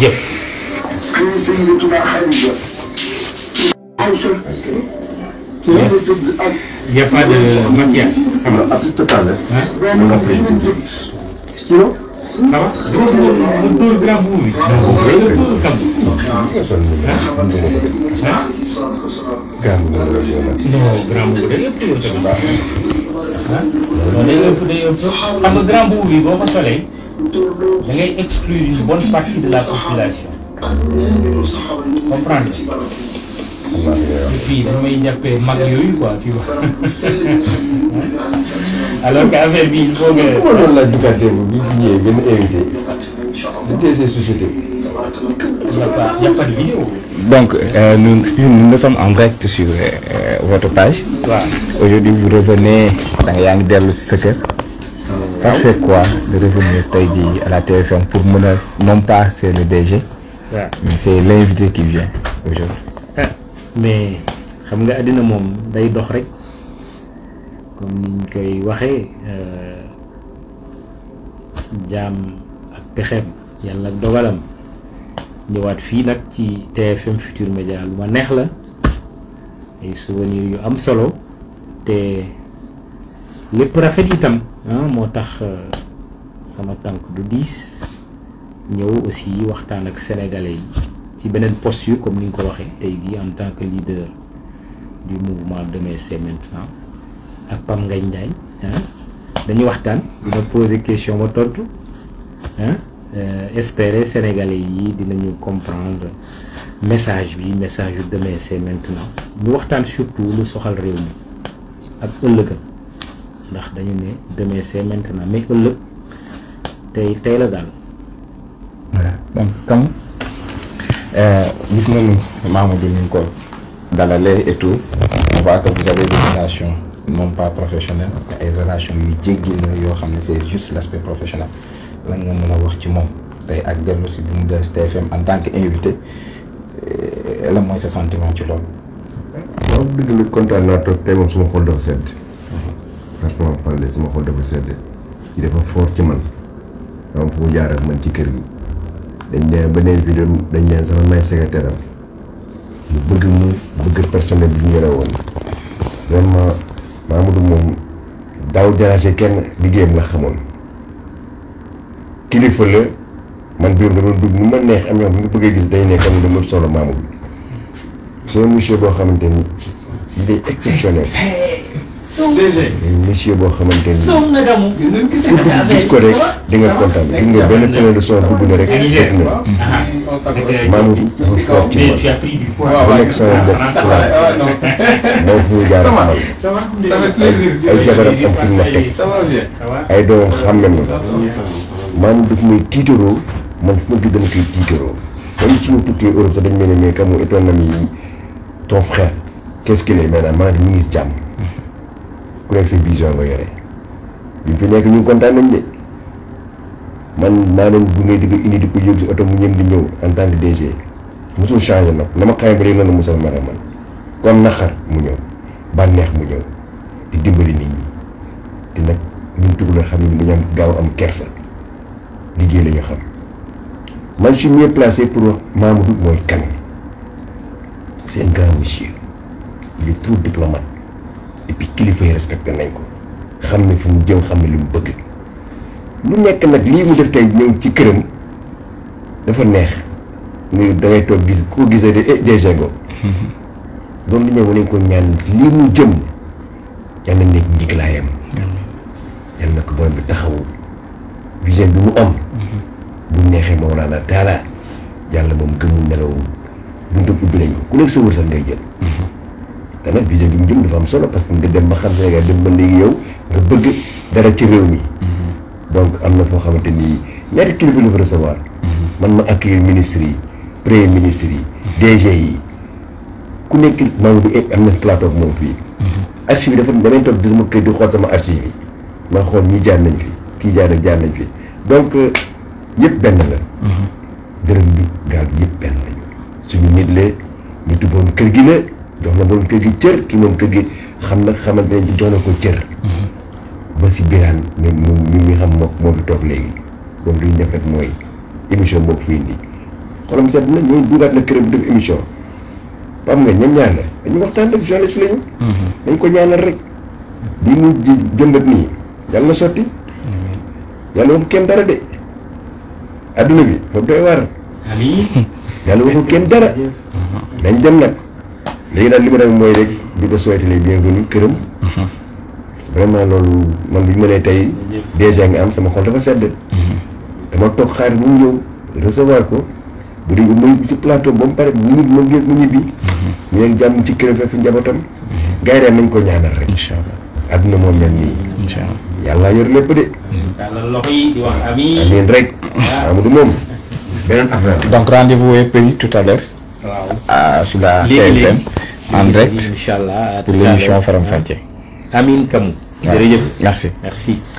jëf. am na sëñ bi tubaab Khadija. Aïcha. ak. y' a pas de matière. am na ab ah, total. kilo. ça va grand boubou bi. dama grand boubou la fi grand boubou day ëpp day ëpp day ko solee da ngay exclure une bonne de la population. comprendre fii damay jàppee mag yooyu quoi tu vois. alors que affaire bi il faut que. ku ma doon laaj bu gàttee tey seen Donc, euh, nous, nous, nous, en direct sur euh, votre Aujourd'hui, vous revenez dans Yang Del Secret. Ça ah fait quoi de revenir Taïdi à la télévision pour mener, non pas c'est le DG, wow. mais c'est l'invité qui vient aujourd'hui. Ah, mais, je sais que comme niñ koy waxee euh, jaam ak pexeem yàlla ak dogalam ñëwaat fii nag ci TFM Futur Média lu ma neex la ay souvenirs yu am solo te lépp rafet itam ah, moo tax euh, sama tànk du diis ñëw aussi waxtaan ak sénégalais yi ci beneen yu comme ni nga ko waxee tey jii en tant que leader du mouvement Demain c'est sant ak Pam Ngagne Ndiaye dañu waxtaan dina poser question ma tontu euh, espérer sénégalais yi dinañu comprendre message bi message yu deme c'est maintenant ñu waxtaan surtout lu soxal réew mi ak ëllëgam ndax dañu ne deme c'est maintenant mais ëllëg tey tey la daal. voilà donc comme euh, gis nañu ni ñu ko dalalee et tout on voit que vous avez des relations non pas professionnel ay relation yu jéggi na yoo xam ne c'est juste l'aspect professionnel lan nga mën a wax ci moom tey ak dellu si bi mu des TFM en tant que invité euh, la mooy sa sentiment ci loolu. waaw dëgg la kontaan naa trop tey moom suma xol dafa sedd. Mhm. franchement parler suma xol dafa sedd ci dafa fort ci man dama foo jaar ak man ci kër gi dañ ne beneen vidéo dañ ne sama may secrétaire mu bëgg mu bëgg personnel bi ñu yore woon Mamadou moom daaw déranger kenn liggéeyam la xamoon kilifa la man biiram dama dugg nu ma neex am ñoo xam ne bëggee gis day nekk am solo Mamadou c'est un boo xamante ni day exceptionnel DG. boo xamante ni. gis ko rek di nga kontaan gis nga benn pneu de son dugg na rek. dugg na. maanaam lu foog ci man bu nekk sama bopp moo fu ñu jaar tiitaroo man fu ma gis dama koy tiitaroo même su ma Europe sax dañu mel kamu étoon na mi ton frère qu'est-ce qu'il est maintenant maa ngi jàmm. ku nekk sa vision nga yore ñu fi nekk ñu kontaan nañ de man maa leen gunge di ko indi di ko yóbbu si oto mu ñëm di ñëw en tant que DG mosul changé nag na ma xamee ba léegi noonu mosal ma man kon naxar mu ñëw bànneex mu ñëw di dimbali nit ñi te nag ñun xam ne dañu am gaaw am kersa liggéey la ñu xam man je suis mieux placé pour wax Mamadou mooy kan c'est grand monsieur il est diplomate bi kilifa yi respecté nañ ko xam ne fu mu jëm xam ne li mu bëgg lu nekk nag lii mu def tey ñëw ci këram dafa neex muy da ngay toog gis koo de eh DG Ngom mm-hmm. doon ñëw nañ ko ñaan lii mu jëm yal na nekk njiglaayam yal na ko borom bi taxawul vision bi mu am mm-hmm. bu neexee Mawlana Taala yàlla moom gëmul nelawul buntu ubbi nañ ko ku nekk sa wërsëg ngay jël mm-hmm. te nag vision bi mu jëm dafa am solo parce que nga dem ba xam Sénégal dem ba léegi yow nga bëgg dara ci réew mi. Mm-hmm. donc am na foo xamante ni ñaari kilifa la fa recevoir. Mm-hmm. man ma ak accueillir ministres yi premier ministre yi. Mm-hmm. DG yi ku nekk Maodo bi am na plateau moom fii. archive bi dafa damay toog di ma kër di xool sama archive yi ma xool ñii jaar nañ fi ki jaar nañ jaar nañ fi donc euh, yëpp benn la. dërëm bi gaal yëpp benn lañu suñu nit la ñu tubboon kër jox na borom kër gi cër te moom kër gi xam na xamante ne jox na ko cër. Mm-hmm. ba si biraan ñoom moom mi ngi xam moom moo fi toog léegi moom li ñu def rek mooy émission boobu fii nii xolam seet na ñoom dugaat na këram def émission xam nga ñoom ñaar la dañu waxtaan mm-hmm. dañ ko ñaanal rek. bi mu ji nii yàlla na sotti. Mm-hmm. yàlla waxu kenn dara de adduna bi fa doy waar. yàlla waxu kenn dara. dañ dem nag. léegi daal li ma dem mooy rek di ko souhaité les bienvenus këram. Mhm. vraiment loolu man bi ñu mënee tey dèjà nga am sama xol dafa sedd. Mhm. dama toog xaar bu ñëw recevoir ko bu dee mu ci plateau ba mu pare mu nit mu ngi mu ñibbi. ñu mhm. jàmm ci këram fekk njabootam. gars yi nañ ko ñaanal rek. incha allah adduna moom mel nii. incha allah yàlla yor lépp de. daal loxo yi di wax amiin amiin rek. Ah. donc rendez-vous est pris tout à l'heure waaw ah, sur la TFM en direct incha allah pour l'émission Faram Facce Amin Kamou jërëjëf merci merci